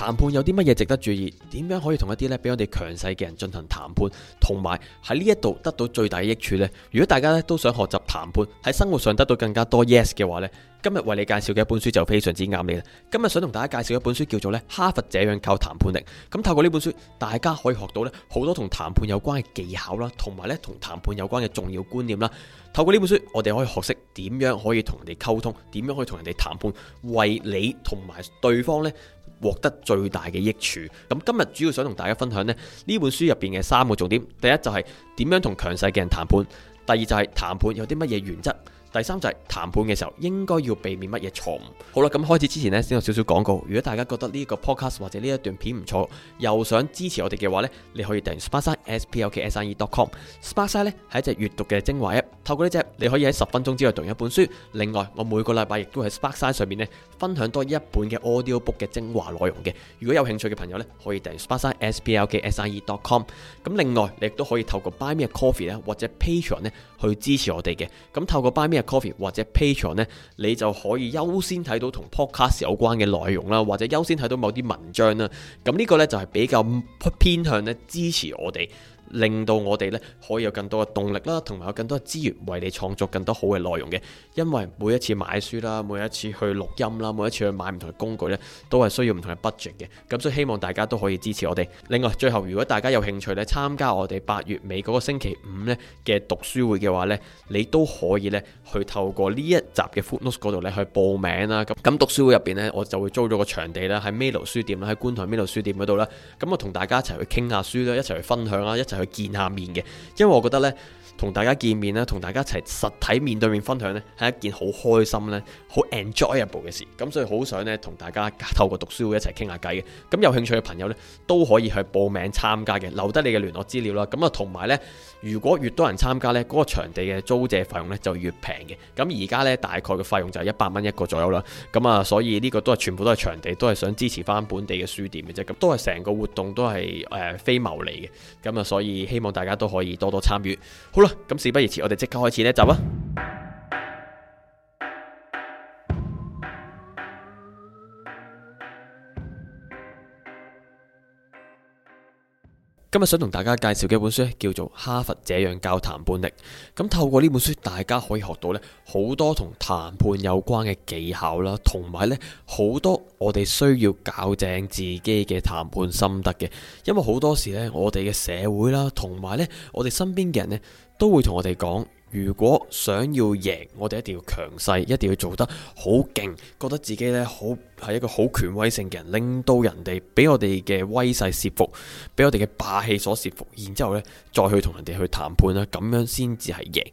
談判有啲乜嘢值得注意？點樣可以同一啲咧比我哋強勢嘅人進行談判，同埋喺呢一度得到最大嘅益處呢？如果大家咧都想學習談判，喺生活上得到更加多 yes 嘅話呢，今日為你介紹嘅一本書就非常之啱你啦。今日想同大家介紹一本書叫做咧《哈佛這樣靠談判力》。咁透過呢本書，大家可以學到咧好多同談判有關嘅技巧啦，同埋咧同談判有關嘅重要觀念啦。透過呢本書，我哋可以學識點樣可以同人哋溝通，點樣可以同人哋談判，為你同埋對方呢。獲得最大嘅益處。咁今日主要想同大家分享呢呢本書入邊嘅三個重點。第一就係點樣同強勢嘅人談判。第二就係談判有啲乜嘢原則。第三就係、是、談判嘅時候應該要避免乜嘢錯誤。好啦，咁開始之前呢，先有少少廣告。如果大家覺得呢個 podcast 或者呢一段片唔錯，又想支持我哋嘅話呢，你可以訂 s p a r s i e s p l k s e c o m，Sparkside 係一隻閱讀嘅精華 App，透過呢隻你可以喺十分鐘之內讀完一本書。另外，我每個禮拜亦都喺 s p a r k s i 上面呢，分享多一本嘅 audio book 嘅精華內容嘅。如果有興趣嘅朋友呢，可以訂 s p a r s i e s p l k s e c o m。咁另外你亦都可以透過 Buy Me a Coffee 咧或者 Patreon 呢去支持我哋嘅。咁透過 Buy Me coffee 或者 Patreon 呢，你就可以優先睇到同 podcast 有關嘅內容啦，或者優先睇到某啲文章啦。咁、這、呢個呢，就係比較偏向咧支持我哋。令到我哋呢可以有更多嘅動力啦，同埋有更多嘅資源為你創作更多好嘅內容嘅。因為每一次買書啦，每一次去錄音啦，每一次去買唔同嘅工具呢，都係需要唔同嘅 budget 嘅。咁所以希望大家都可以支持我哋。另外，最後如果大家有興趣呢，參加我哋八月尾嗰個星期五呢嘅讀書會嘅話呢，你都可以呢去透過呢一集嘅 Footnotes 嗰度呢去報名啦。咁咁讀書會入邊呢，我就會租咗個場地啦，喺 Milo 書店啦，喺觀塘 Milo 書店嗰度啦。咁我同大家一齊去傾下書啦，一齊去分享啦，一齊，去見下面嘅，因為我覺得咧，同大家見面咧，同大家一齊實體面對面分享呢，係一件好開心呢，好 enjoyable 嘅事。咁所以好想呢，同大家透過讀書會一齊傾下偈嘅。咁有興趣嘅朋友呢，都可以去報名參加嘅，留低你嘅聯絡資料啦。咁啊，同埋呢，如果越多人參加呢，嗰個場地嘅租借費用呢就越平嘅。咁而家呢，大概嘅費用就係一百蚊一個左右啦。咁啊，所以呢個都係全部都係場地，都係想支持翻本地嘅書店嘅啫。咁都係成個活動都係誒、呃、非牟利嘅。咁啊，所以。希望大家都可以多多參與。好啦，咁事不宜遲，我哋即刻開始呢集啊！今日想同大家介紹嘅一本書叫做《哈佛這樣教談判力》。咁透過呢本書，大家可以學到呢好多同談判有關嘅技巧啦，同埋呢好多我哋需要校正自己嘅談判心得嘅。因為好多時呢我哋嘅社會啦，同埋呢我哋身邊嘅人呢，都會同我哋講。如果想要贏，我哋一定要強勢，一定要做得好勁，覺得自己呢好係一個好權威性嘅人，令到人哋俾我哋嘅威勢懾服，俾我哋嘅霸氣所懾服，然之後呢再去同人哋去談判啦，咁樣先至係贏。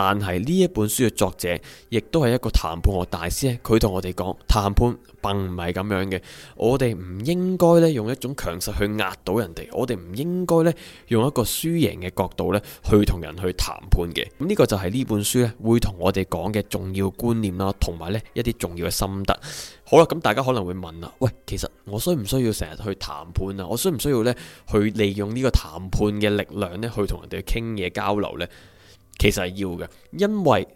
但係呢一本書嘅作者，亦都係一個談判學大師。佢同我哋講，談判並唔係咁樣嘅。我哋唔應該咧用一種強勢去壓倒人哋，我哋唔應該咧用一個輸贏嘅角度咧去同人去談判嘅。咁呢個就係呢本書咧會同我哋講嘅重要觀念啦，同埋咧一啲重要嘅心得。好啦，咁大家可能會問啦，喂，其實我需唔需要成日去談判啊？我需唔需要咧去利用呢個談判嘅力量咧去同人哋傾嘢交流呢？」其實係要嘅，因為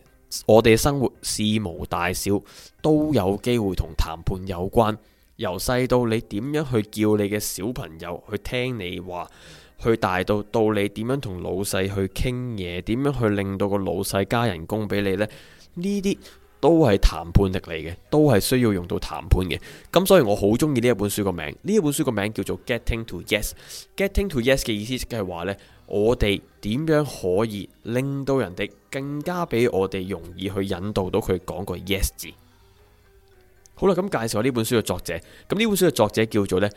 我哋生活事無大小都有機會同談判有關。由細到你點樣去叫你嘅小朋友去聽你話，去大到到你點樣同老細去傾嘢，點樣去令到個老細加人工俾你呢？呢啲都係談判力嚟嘅，都係需要用到談判嘅。咁所以我好中意呢一本書個名。呢一本書個名叫做《Getting to Yes》。《Getting to Yes》嘅意思即係話咧。我哋點樣可以令到人哋更加俾我哋容易去引導到佢講個 yes 字？好啦，咁介紹下呢本書嘅作者。咁呢本書嘅作者叫做咧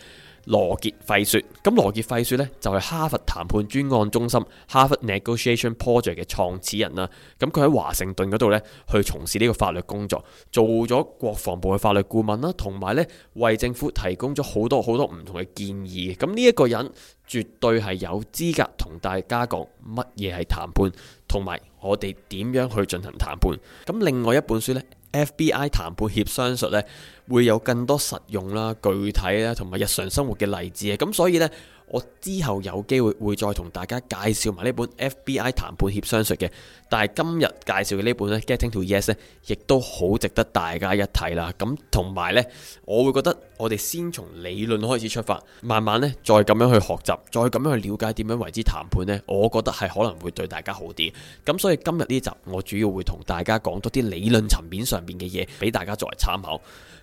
羅傑費雪。咁羅傑費雪咧就係哈佛談判專案中心哈佛 Negotiation Project） 嘅創始人啦。咁佢喺華盛頓嗰度咧去從事呢個法律工作，做咗國防部嘅法律顧問啦，同埋咧為政府提供咗好多好多唔同嘅建議。咁呢一個人絕對係有資格同大家講乜嘢係談判，同埋我哋點樣去進行談判。咁另外一本書咧。FBI 談判協商術呢，會有更多實用啦、具體啦，同埋日常生活嘅例子啊，咁所以呢。我之後有機會會再同大家介紹埋呢本 FBI 談判協商術嘅，但係今日介紹嘅呢本呢 Getting to Yes 呢，亦都好值得大家一睇啦。咁同埋呢，我會覺得我哋先從理論開始出發，慢慢呢，再咁樣去學習，再咁樣去了解點樣為之談判呢。我覺得係可能會對大家好啲。咁所以今日呢集我主要會同大家講多啲理論層面上面嘅嘢俾大家作為參考。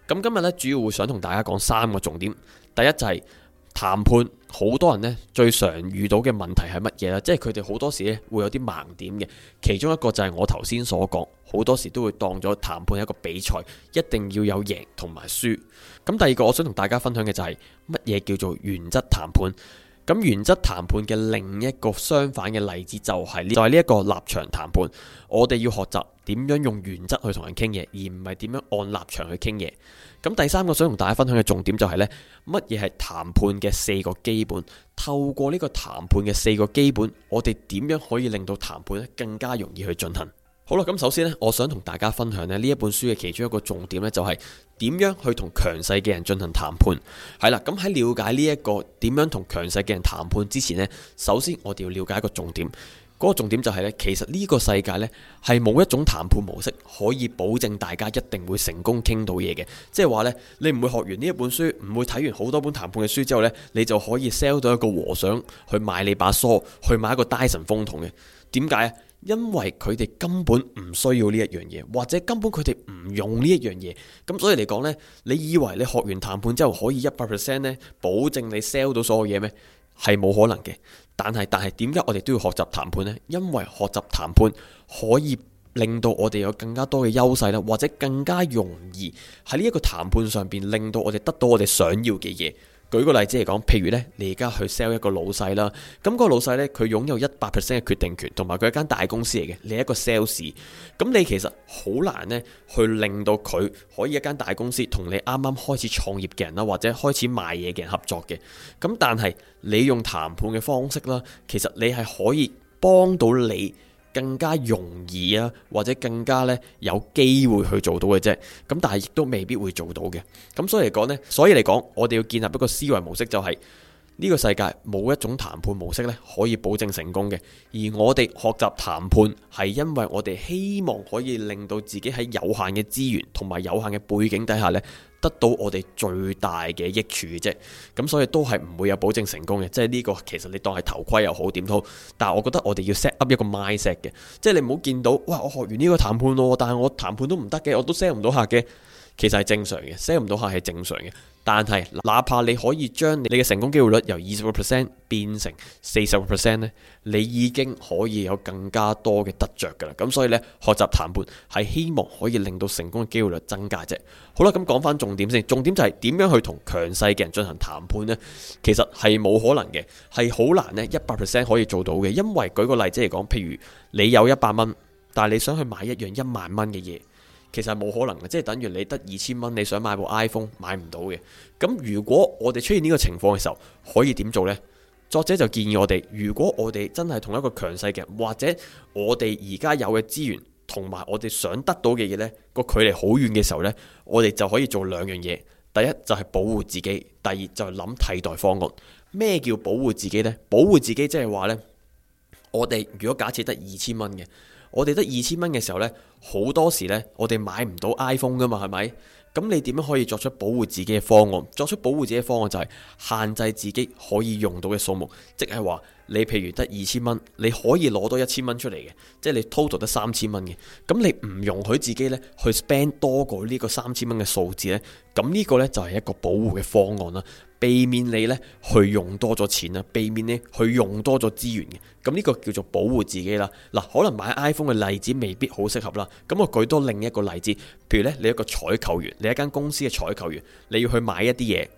咁今日呢，主要會想同大家講三個重點，第一就係、是。談判好多人呢，最常遇到嘅問題係乜嘢咧？即係佢哋好多時咧會有啲盲點嘅，其中一個就係我頭先所講，好多時都會當咗談判一個比賽，一定要有贏同埋輸。咁第二個我想同大家分享嘅就係乜嘢叫做原則談判。咁原則談判嘅另一個相反嘅例子就係呢，就係呢一個立場談判。我哋要學習點樣用原則去同人傾嘢，而唔係點樣按立場去傾嘢。咁第三個想同大家分享嘅重點就係呢：乜嘢係談判嘅四個基本？透過呢個談判嘅四個基本，我哋點樣可以令到談判更加容易去進行？好啦，咁首先呢，我想同大家分享呢呢一本書嘅其中一個重點呢，就係點樣去同強勢嘅人進行談判。係啦，咁喺了解呢一個點樣同強勢嘅人談判之前呢，首先我哋要了解一個重點。嗰個重點就係咧，其實呢個世界呢，係冇一種談判模式可以保證大家一定會成功傾到嘢嘅，即係話呢，你唔會學完呢一本書，唔會睇完好多本談判嘅書之後呢，你就可以 sell 到一個和尚去買你把梳，去買一個 Dyson 風筒嘅。點解啊？因為佢哋根本唔需要呢一樣嘢，或者根本佢哋唔用呢一樣嘢。咁所以嚟講呢，你以為你學完談判之後可以一百 percent 呢保證你 sell 到所有嘢咩？係冇可能嘅。但係但係，點解我哋都要學習談判呢？因為學習談判可以令到我哋有更加多嘅優勢啦，或者更加容易喺呢一個談判上邊令到我哋得到我哋想要嘅嘢。舉個例子嚟講，譬如呢，你而家去 sell 一個老細啦，咁個老細呢，佢擁有一百 percent 嘅決定權，同埋佢一間大公司嚟嘅，你一個 sales，咁你其實好難呢去令到佢可以一間大公司同你啱啱開始創業嘅人啦，或者開始賣嘢嘅人合作嘅，咁但係你用談判嘅方式啦，其實你係可以幫到你。更加容易啊，或者更加咧有機會去做到嘅啫，咁但係亦都未必會做到嘅，咁所以嚟講呢，所以嚟講，我哋要建立一個思維模式就係、是。呢個世界冇一種談判模式咧可以保證成功嘅，而我哋學習談判係因為我哋希望可以令到自己喺有限嘅資源同埋有限嘅背景底下咧得到我哋最大嘅益處嘅啫。咁所以都係唔會有保證成功嘅，即係呢、這個其實你當係頭盔又好點都好，但係我覺得我哋要 set up 一個 mindset 嘅，即係你唔好見到哇，我學完呢個談判，但係我談判都唔得嘅，我都 sell 唔到客嘅。其實係正常嘅，sell 唔到客係正常嘅。但係哪怕你可以將你嘅成功機會率由二十個 percent 變成四十個 percent 呢，你已經可以有更加多嘅得着噶啦。咁所以呢，學習談判係希望可以令到成功嘅機會率增加啫。好啦，咁講翻重點先，重點就係點樣去同強勢嘅人進行談判呢？其實係冇可能嘅，係好難呢。一百 percent 可以做到嘅。因為舉個例子嚟講，譬如你有一百蚊，但係你想去買一樣一萬蚊嘅嘢。其實冇可能嘅，即係等於你得二千蚊，你想買部 iPhone 買唔到嘅。咁如果我哋出現呢個情況嘅時候，可以點做呢？作者就建議我哋，如果我哋真係同一個強勢嘅人，或者我哋而家有嘅資源，同埋我哋想得到嘅嘢呢個距離好遠嘅時候呢，我哋就可以做兩樣嘢。第一就係保護自己，第二就係諗替代方案。咩叫保護自己呢？保護自己即係話呢，我哋如果假設得二千蚊嘅。我哋得二千蚊嘅時候呢，好多時呢，我哋買唔到 iPhone 噶嘛，係咪？咁你點樣可以作出保護自己嘅方案？作出保護自己嘅方案就係限制自己可以用到嘅數目，即係話你譬如得二千蚊，你可以攞多一千蚊出嚟嘅，即係你 total 得三千蚊嘅。咁你唔容許自己呢去 spend 多過呢個三千蚊嘅數字呢，咁呢個呢就係一個保護嘅方案啦。避免你咧去用多咗錢啦，避免咧去用多咗資源嘅，咁呢個叫做保護自己啦。嗱，可能買 iPhone 嘅例子未必好適合啦，咁我舉多另一個例子，譬如咧你一個採購員，你一間公司嘅採購員，你要去買一啲嘢，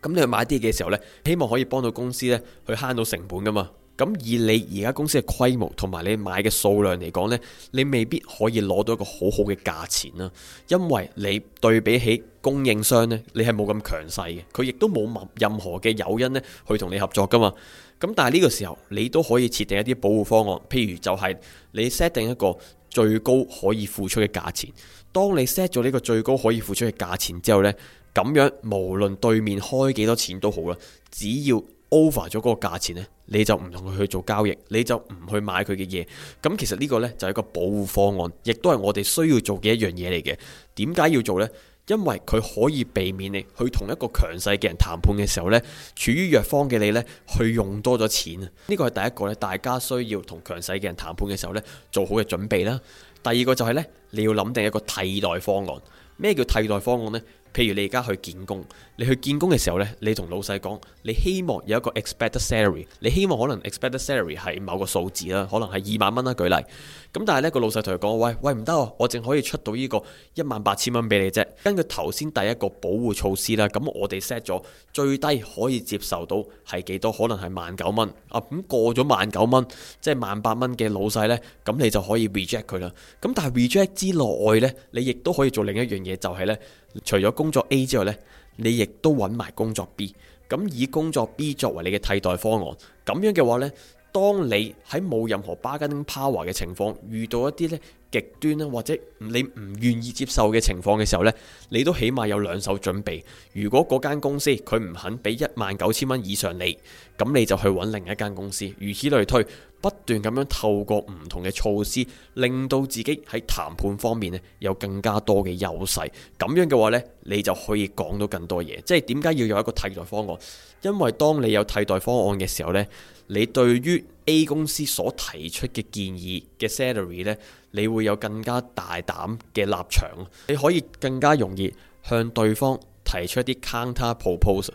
咁你去買啲嘢嘅時候咧，希望可以幫到公司咧去慳到成本噶嘛。咁以你而家公司嘅規模同埋你買嘅數量嚟講呢，你未必可以攞到一個好好嘅價錢啦，因為你對比起供應商呢，你係冇咁強勢嘅，佢亦都冇任何嘅誘因咧去同你合作噶嘛。咁但係呢個時候你都可以設定一啲保護方案，譬如就係你 set 定一個最高可以付出嘅價錢。當你 set 咗呢個最高可以付出嘅價錢之後呢，咁樣無論對面開幾多錢都好啦，只要。over 咗嗰個價錢呢，你就唔同佢去做交易，你就唔去買佢嘅嘢。咁其實呢個呢，就係一個保護方案，亦都係我哋需要做嘅一樣嘢嚟嘅。點解要做呢？因為佢可以避免你去同一個強勢嘅人談判嘅時候呢，處於弱方嘅你呢，去用多咗錢啊。呢、這個係第一個呢，大家需要同強勢嘅人談判嘅時候呢，做好嘅準備啦。第二個就係、是、呢，你要諗定一個替代方案。咩叫替代方案呢？譬如你而家去見工，你去見工嘅時候呢，你同老細講，你希望有一個 expected salary，你希望可能 expected salary 係某個數字啦，可能係二萬蚊啦，舉例。咁但係呢個老細同佢講，喂喂唔得，我淨可以出到呢個一萬八千蚊俾你啫。根據頭先第一個保護措施啦，咁我哋 set 咗最低可以接受到係幾多，可能係萬九蚊。咁過咗萬九蚊，即係萬八蚊嘅老細呢，咁你就可以 reject 佢啦。咁但係 reject 之內呢，你亦都可以做另一樣嘢，就係呢除咗工作 A 之外呢，你亦都揾埋工作 B，咁以工作 B 作為你嘅替代方案，咁樣嘅話呢。當你喺冇任何巴金 p o 嘅情況，遇到一啲咧極端咧，或者你唔願意接受嘅情況嘅時候咧，你都起碼有兩手準備。如果嗰間公司佢唔肯俾一萬九千蚊以上你，咁你就去揾另一間公司。如此類推，不斷咁樣透過唔同嘅措施，令到自己喺談判方面咧有更加多嘅優勢。咁樣嘅話呢，你就可以講到更多嘢。即係點解要有一個替代方案？因為當你有替代方案嘅時候呢，你對於 A 公司所提出嘅建議嘅 salary 呢，你會有更加大膽嘅立場，你可以更加容易向對方提出一啲 counter proposal。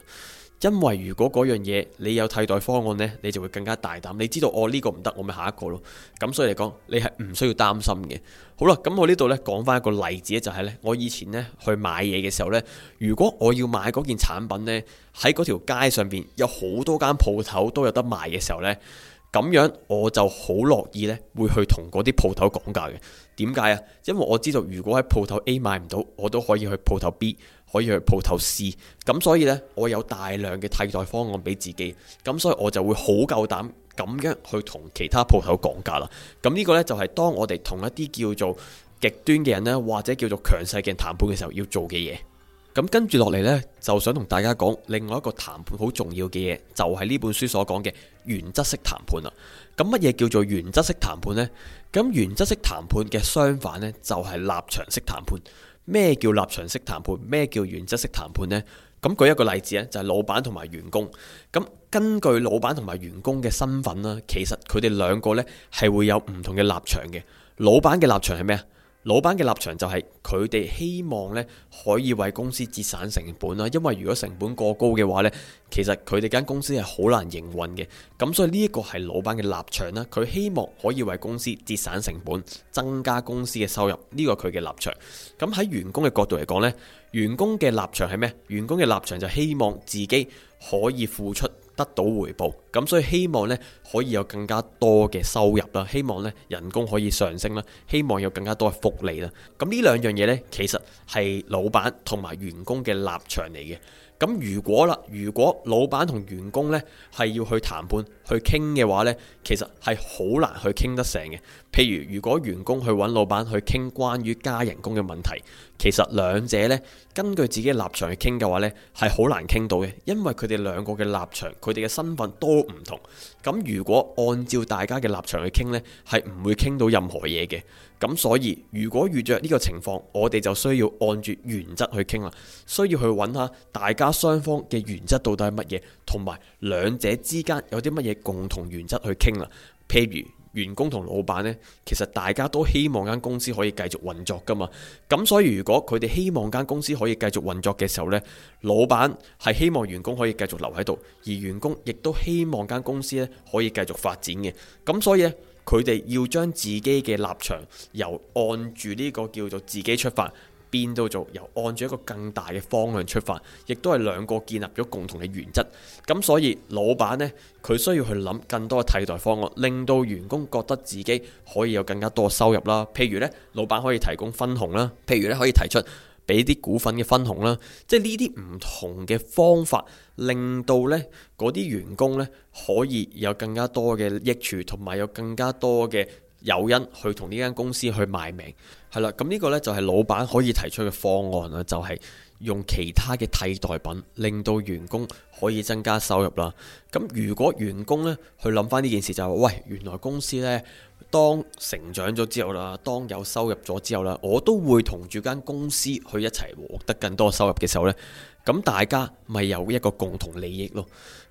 因為如果嗰樣嘢你有替代方案呢，你就會更加大膽。你知道哦，呢個唔得，我咪下一個咯。咁所以嚟講，你係唔需要擔心嘅。好啦，咁我呢度呢講翻一個例子，就係呢，我以前呢去買嘢嘅時候呢，如果我要買嗰件產品呢，喺嗰條街上邊有好多間鋪頭都有得賣嘅時候呢。咁樣我就好樂意咧，會去同嗰啲鋪頭講價嘅。點解啊？因為我知道如果喺鋪頭 A 買唔到，我都可以去鋪頭 B，可以去鋪頭 C。咁所以呢，我有大量嘅替代方案俾自己。咁所以我就會好夠膽咁樣去同其他鋪頭講價啦。咁呢個呢，就係當我哋同一啲叫做極端嘅人呢，或者叫做強勢嘅人談判嘅時候要做嘅嘢。咁跟住落嚟呢，就想同大家講另外一個談判好重要嘅嘢，就係呢本書所講嘅原則式談判啦。咁乜嘢叫做原則式談判呢？咁原則式談判嘅相反呢，就係立場式談判。咩叫立場式談判？咩叫原則式談判呢？咁舉一個例子咧，就係老闆同埋員工。咁根據老闆同埋員工嘅身份啦，其實佢哋兩個呢，係會有唔同嘅立場嘅。老闆嘅立場係咩啊？老闆嘅立場就係佢哋希望咧可以為公司節省成本啦，因為如果成本過高嘅話咧，其實佢哋間公司係好難營運嘅。咁所以呢一個係老闆嘅立場啦，佢希望可以為公司節省成本，增加公司嘅收入。呢個佢嘅立場。咁喺員工嘅角度嚟講咧，員工嘅立場係咩？員工嘅立場就希望自己可以付出。得到回報，咁所以希望呢可以有更加多嘅收入啦，希望呢人工可以上升啦，希望有更加多嘅福利啦。咁呢兩樣嘢呢，其實係老闆同埋員工嘅立場嚟嘅。咁如果啦，如果老闆同員工呢係要去談判，去傾嘅話呢，其實係好難去傾得成嘅。譬如，如果員工去揾老闆去傾關於加人工嘅問題，其實兩者呢根據自己立場去傾嘅話呢，係好難傾到嘅，因為佢哋兩個嘅立場，佢哋嘅身份都唔同。咁如果按照大家嘅立場去傾呢，係唔會傾到任何嘢嘅。咁所以，如果遇着呢個情況，我哋就需要按住原則去傾啦，需要去揾下大家雙方嘅原則到底係乜嘢，同埋兩者之間有啲乜嘢共同原則去傾啦。譬如，員工同老闆呢，其實大家都希望間公司可以繼續運作㗎嘛。咁所以如果佢哋希望間公司可以繼續運作嘅時候呢，老闆係希望員工可以繼續留喺度，而員工亦都希望間公司呢可以繼續發展嘅。咁所以呢，佢哋要將自己嘅立場由按住呢個叫做自己出發。變到做，由按住一個更大嘅方向出發，亦都係兩個建立咗共同嘅原則。咁所以老闆呢，佢需要去諗更多嘅替代方案，令到員工覺得自己可以有更加多收入啦。譬如呢，老闆可以提供分紅啦，譬如呢，可以提出俾啲股份嘅分紅啦。即係呢啲唔同嘅方法，令到呢嗰啲員工呢，可以有更加多嘅益處，同埋有更加多嘅。有因去同呢間公司去賣命，係啦。咁、這、呢個呢，就係老闆可以提出嘅方案啦，就係、是、用其他嘅替代品，令到員工可以增加收入啦。咁如果員工呢去諗翻呢件事、就是，就係喂，原來公司呢當成長咗之後啦，當有收入咗之後啦，我都會同住間公司去一齊獲得更多收入嘅時候呢，咁大家咪有一個共同利益咯。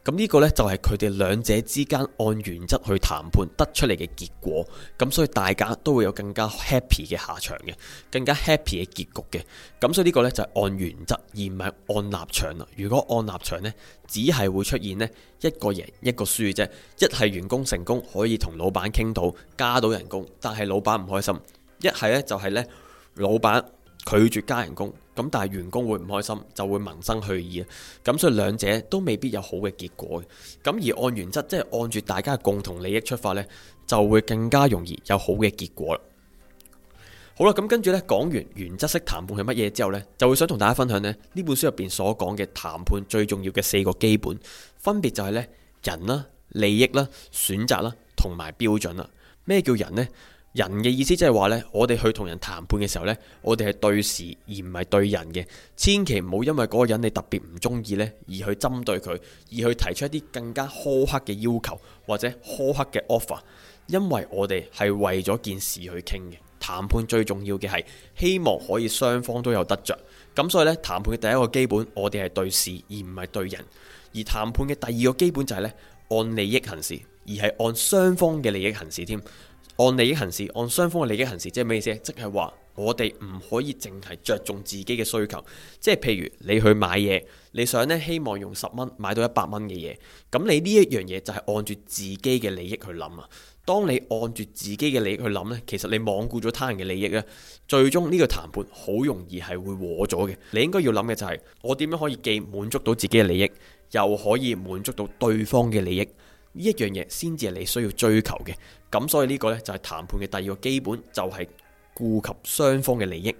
咁呢個呢，就係佢哋兩者之間按原則去談判得出嚟嘅結果，咁所以大家都會有更加 happy 嘅下場嘅，更加 happy 嘅結局嘅。咁所以呢個呢，就係按原則而唔係按立場啦。如果按立場呢，只係會出現呢一個贏一個輸嘅啫。一係員工成功可以同老闆傾到加到人工，但係老闆唔開心。一係呢，就係呢老闆拒絕加人工。咁但係員工會唔開心，就會萌生去意啊！咁所以兩者都未必有好嘅結果嘅。咁而按原則，即係按住大家嘅共同利益出發呢，就會更加容易有好嘅結果啦。好啦，咁跟住呢，講完原則式談判係乜嘢之後呢，就會想同大家分享呢，呢本書入邊所講嘅談判最重要嘅四個基本，分別就係呢：人啦、利益啦、選擇啦同埋標準啦。咩叫人呢？人嘅意思即係話呢，我哋去同人談判嘅時候呢，我哋係對事而唔係對人嘅。千祈唔好因為嗰個人你特別唔中意呢，而去針對佢，而去提出一啲更加苛刻嘅要求或者苛刻嘅 offer。因為我哋係為咗件事去傾嘅。談判最重要嘅係希望可以雙方都有得着。咁所以呢，談判嘅第一個基本，我哋係對事而唔係對人；而談判嘅第二個基本就係呢，按利益行事，而係按雙方嘅利益行事添。按利益行事，按雙方嘅利益行事，即係咩意思？即係話我哋唔可以淨係着重自己嘅需求，即係譬如你去買嘢，你想咧希望用十蚊買到一百蚊嘅嘢，咁你呢一樣嘢就係按住自己嘅利益去諗啊。當你按住自己嘅利益去諗咧，其實你罔顧咗他人嘅利益咧，最終呢個談判好容易係會和咗嘅。你應該要諗嘅就係、是，我點樣可以既滿足到自己嘅利益，又可以滿足到對方嘅利益。呢一樣嘢先至係你需要追求嘅，咁所以呢個呢，就係談判嘅第二個基本，就係、是、顧及雙方嘅利益。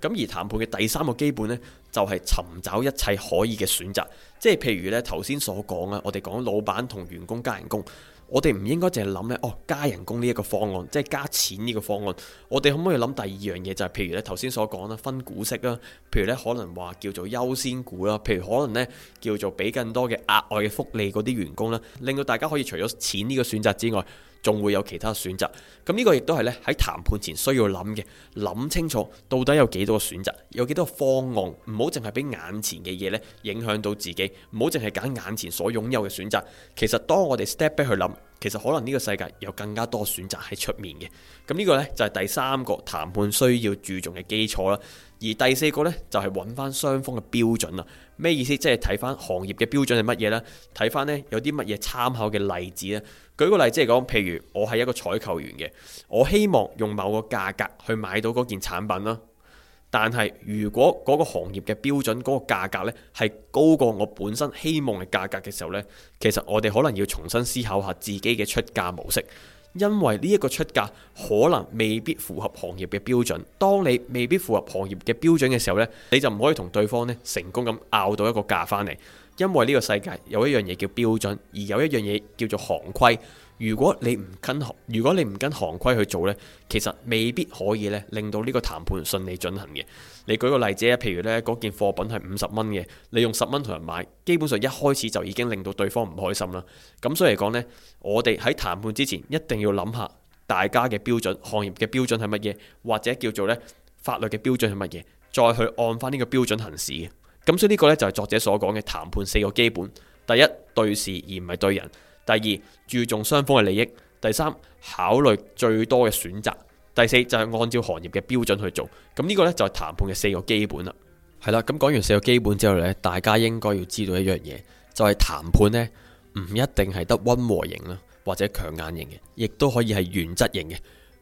咁而談判嘅第三個基本呢，就係、是、尋找一切可以嘅選擇，即係譬如呢頭先所講啊，我哋講老闆同員工加人工。我哋唔應該淨係諗呢，哦加人工呢一個方案，即係加錢呢個方案。我哋可唔可以諗第二樣嘢？就係、是、譬如咧頭先所講啦，分股息啦，譬如咧可能話叫做優先股啦，譬如可能呢叫做俾更多嘅額外嘅福利嗰啲員工啦，令到大家可以除咗錢呢個選擇之外。仲會有其他選擇，咁呢個亦都係呢喺談判前需要諗嘅，諗清楚到底有幾多個選擇，有幾多個方案，唔好淨係俾眼前嘅嘢呢影響到自己，唔好淨係揀眼前所擁有嘅選擇。其實當我哋 step back 去諗，其實可能呢個世界有更加多選擇喺出面嘅。咁呢個呢，就係第三個談判需要注重嘅基礎啦。而第四個呢，就係揾翻雙方嘅標準啦。咩意思？即係睇翻行業嘅標準係乜嘢呢？睇翻呢，有啲乜嘢參考嘅例子呢？舉個例子嚟講，譬如我係一個採購員嘅，我希望用某個價格去買到嗰件產品啦。但係如果嗰個行業嘅標準嗰個價格呢係高過我本身希望嘅價格嘅時候呢，其實我哋可能要重新思考下自己嘅出價模式，因為呢一個出價可能未必符合行業嘅標準。當你未必符合行業嘅標準嘅時候呢，你就唔可以同對，對方咧成功咁拗到一個價翻嚟。因為呢個世界有一樣嘢，叫標準，而有一樣嘢叫做行規。如果你唔跟行，如果你唔跟行規去做呢，其實未必可以咧令到呢個談判順利進行嘅。你舉個例子啫，譬如呢件貨品係五十蚊嘅，你用十蚊同人買，基本上一開始就已經令到對方唔開心啦。咁所以嚟講呢，我哋喺談判之前一定要諗下大家嘅標準、行業嘅標準係乜嘢，或者叫做呢法律嘅標準係乜嘢，再去按翻呢個標準行事嘅。咁所以呢個呢，就係作者所講嘅談判四個基本：第一，對事而唔係對人；第二，注重雙方嘅利益；第三，考慮最多嘅選擇；第四就係按照行業嘅標準去做。咁呢個呢，就係談判嘅四個基本啦。係啦，咁講完四個基本之後呢，大家應該要知道一樣嘢，就係談判呢，唔一定係得温和型啦，或者強硬型嘅，亦都可以係原則型嘅。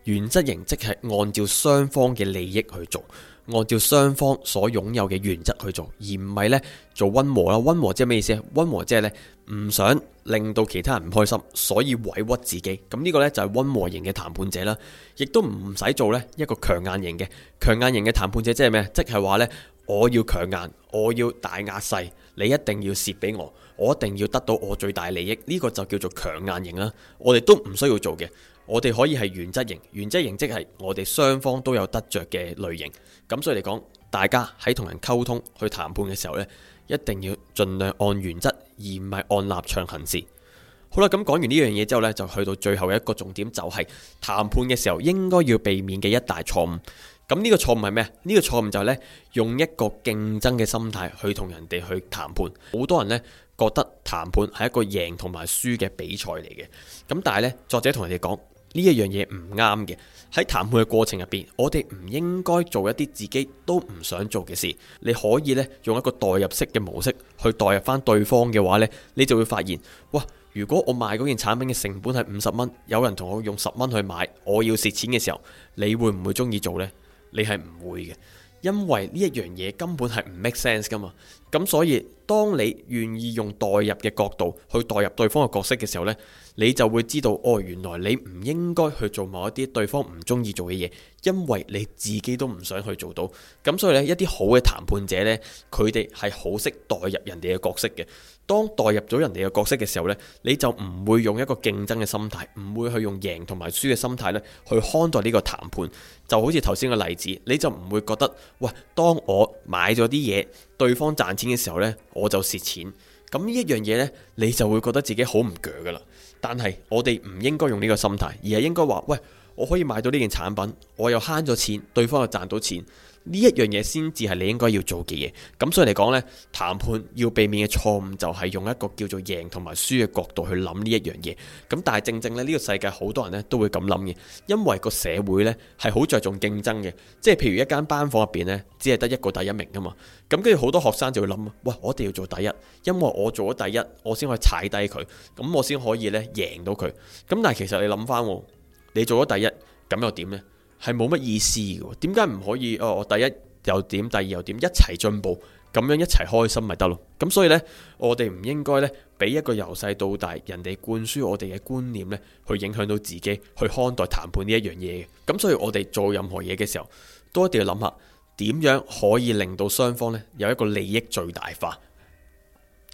原則型即係按照雙方嘅利益去做。按照雙方所擁有嘅原則去做，而唔係咧做溫和啦。溫和即係咩意思啊？溫和即係咧唔想令到其他人唔開心，所以委屈自己。咁呢個呢，就係溫和型嘅談判者啦，亦都唔使做呢一個強硬型嘅。強硬型嘅談判者即係咩？即係話呢：「我要強硬，我要大壓勢，你一定要蝕俾我，我一定要得到我最大利益」。呢個就叫做強硬型啦。我哋都唔需要做嘅。我哋可以係原則型，原則型即係我哋雙方都有得着嘅類型。咁所以嚟講，大家喺同人溝通去談判嘅時候呢，一定要盡量按原則，而唔係按立場行事。好啦，咁講完呢樣嘢之後呢，就去到最後一個重點，就係，就係談判嘅時候應該要避免嘅一大錯誤。咁呢個錯誤係咩？呢、呢個錯誤就係、係、呢，用一個競爭嘅心態去同人哋去談判。好多人呢，覺得談判係一個贏同埋輸嘅比賽嚟嘅。咁但係呢，作者同人哋講。呢一樣嘢唔啱嘅，喺談判嘅過程入邊，我哋唔應該做一啲自己都唔想做嘅事。你可以咧，用一個代入式嘅模式去代入翻對方嘅話呢，你就會發現，哇！如果我賣嗰件產品嘅成本係五十蚊，有人同我用十蚊去買，我要蝕錢嘅時候，你會唔會鍾意做呢？你係唔會嘅。因為呢一樣嘢根本係唔 make sense 噶嘛，咁所以當你願意用代入嘅角度去代入對方嘅角色嘅時候呢，你就會知道哦，原來你唔應該去做某一啲對方唔中意做嘅嘢，因為你自己都唔想去做到。咁所以呢，一啲好嘅談判者呢，佢哋係好識代入人哋嘅角色嘅。當代入咗人哋嘅角色嘅時候呢，你就唔會用一個競爭嘅心態，唔會去用贏同埋輸嘅心態呢去看待呢個談判。就好似頭先個例子，你就唔會覺得，喂，當我買咗啲嘢，對方賺錢嘅時候呢，我就蝕錢。咁呢一樣嘢呢，你就會覺得自己好唔鋸噶啦。但係我哋唔應該用呢個心態，而係應該話，喂，我可以買到呢件產品，我又慳咗錢，對方又賺到錢。呢一樣嘢先至係你應該要做嘅嘢，咁所以嚟講呢，談判要避免嘅錯誤就係用一個叫做贏同埋輸嘅角度去諗呢一樣嘢。咁但係正正咧，呢個世界好多人呢都會咁諗嘅，因為個社會呢係好着重競爭嘅，即係譬如一間班房入邊呢，只係得一個第一名噶嘛。咁跟住好多學生就會諗，喂，我一定要做第一，因為我做咗第一，我先可以踩低佢，咁我先可以咧贏到佢。咁但係其實你諗翻，你做咗第一，咁又點呢？係冇乜意思嘅，點解唔可以？哦，我第一又點，第二又點，一齊進步，咁樣一齊開心咪得咯。咁所以呢，我哋唔應該呢，俾一個由細到大人哋灌輸我哋嘅觀念呢，去影響到自己去看待談判呢一樣嘢。咁所以我哋做任何嘢嘅時候，都一定要諗下點樣可以令到雙方呢有一個利益最大化，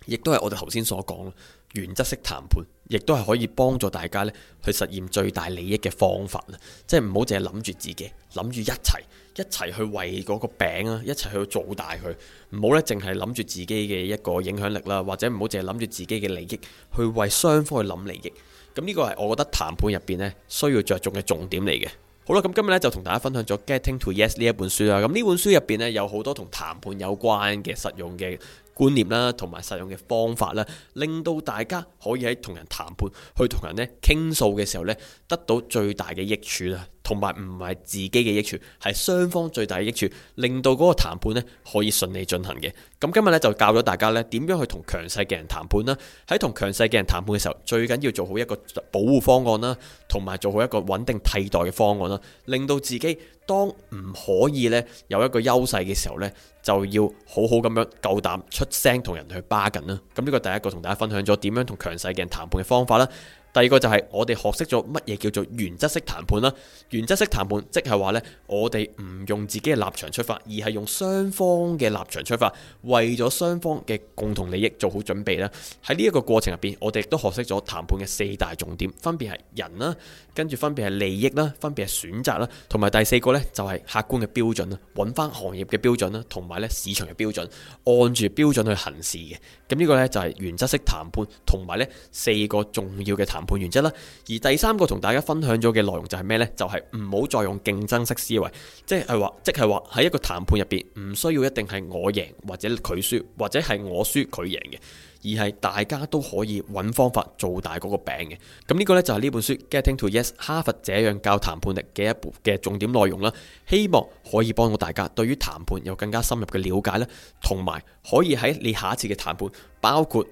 亦都係我哋頭先所講，原則式談判。亦都係可以幫助大家咧去實現最大利益嘅方法啦，即係唔好淨係諗住自己，諗住一齊一齊去為嗰個餅啊，一齊去，去做大佢，唔好咧淨係諗住自己嘅一個影響力啦，或者唔好淨係諗住自己嘅利益去為雙方去諗利益。咁呢個係我覺得談判入邊咧需要着重嘅重點嚟嘅。好啦，咁今日呢，就同大家分享咗《Getting to Yes》呢一本書啦。咁呢本書入邊呢，有好多同談判有關嘅實用嘅。觀念啦，同埋實用嘅方法啦，令到大家可以喺同人談判、去同人呢傾訴嘅時候呢，得到最大嘅益處啦。同埋唔係自己嘅益處，係雙方最大嘅益處，令到嗰個談判呢可以順利進行嘅。咁今日呢，就教咗大家呢點樣去同強勢嘅人談判啦。喺同強勢嘅人談判嘅時候，最緊要做好一個保護方案啦，同埋做好一個穩定替代嘅方案啦，令到自己當唔可以呢有一個優勢嘅時候呢，就要好好咁樣夠膽出聲同人去巴緊啦。咁呢個第一個同大家分享咗點樣同強勢嘅人談判嘅方法啦。第二個就係我哋學識咗乜嘢叫做原則式談判啦。原則式談判即係話呢，我哋唔用自己嘅立場出發，而係用雙方嘅立場出發，為咗雙方嘅共同利益做好準備啦。喺呢一個過程入邊，我哋亦都學識咗談判嘅四大重點，分別係人啦，跟住分別係利益啦，分別係選擇啦，同埋第四個呢，就係客觀嘅標準啦，揾翻行業嘅標準啦，同埋呢市場嘅標準，按住標準去行事嘅。咁呢個呢，就係原則式談判，同埋呢四個重要嘅談判原則啦，而第三個同大家分享咗嘅內容就係咩呢？就係唔好再用競爭式思維，即係話，即係話喺一個談判入邊，唔需要一定係我贏或者佢輸，或者係我輸佢贏嘅，而係大家都可以揾方法做大嗰個餅嘅。咁呢個呢，就係呢本書《Getting to Yes》哈佛這樣教談判力嘅一部嘅重點內容啦。希望可以幫到大家對於談判有更加深入嘅了解啦，同埋可以喺你下一次嘅談判，包括。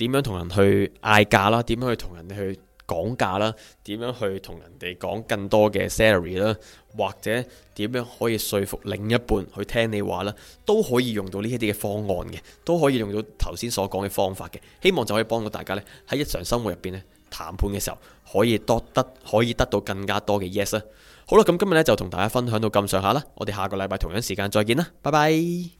點樣同人去嗌價啦？點樣去同人哋去講價啦？點樣去同人哋講更多嘅 salary 啦？或者點樣可以說服另一半去聽你話啦？都可以用到呢一啲嘅方案嘅，都可以用到頭先所講嘅方法嘅。希望就可以幫到大家呢。喺日常生活入邊呢，談判嘅時候，可以多得可以得到更加多嘅 yes 啦。好啦，咁今日呢，就同大家分享到咁上下啦，我哋下個禮拜同樣時間再見啦，拜拜。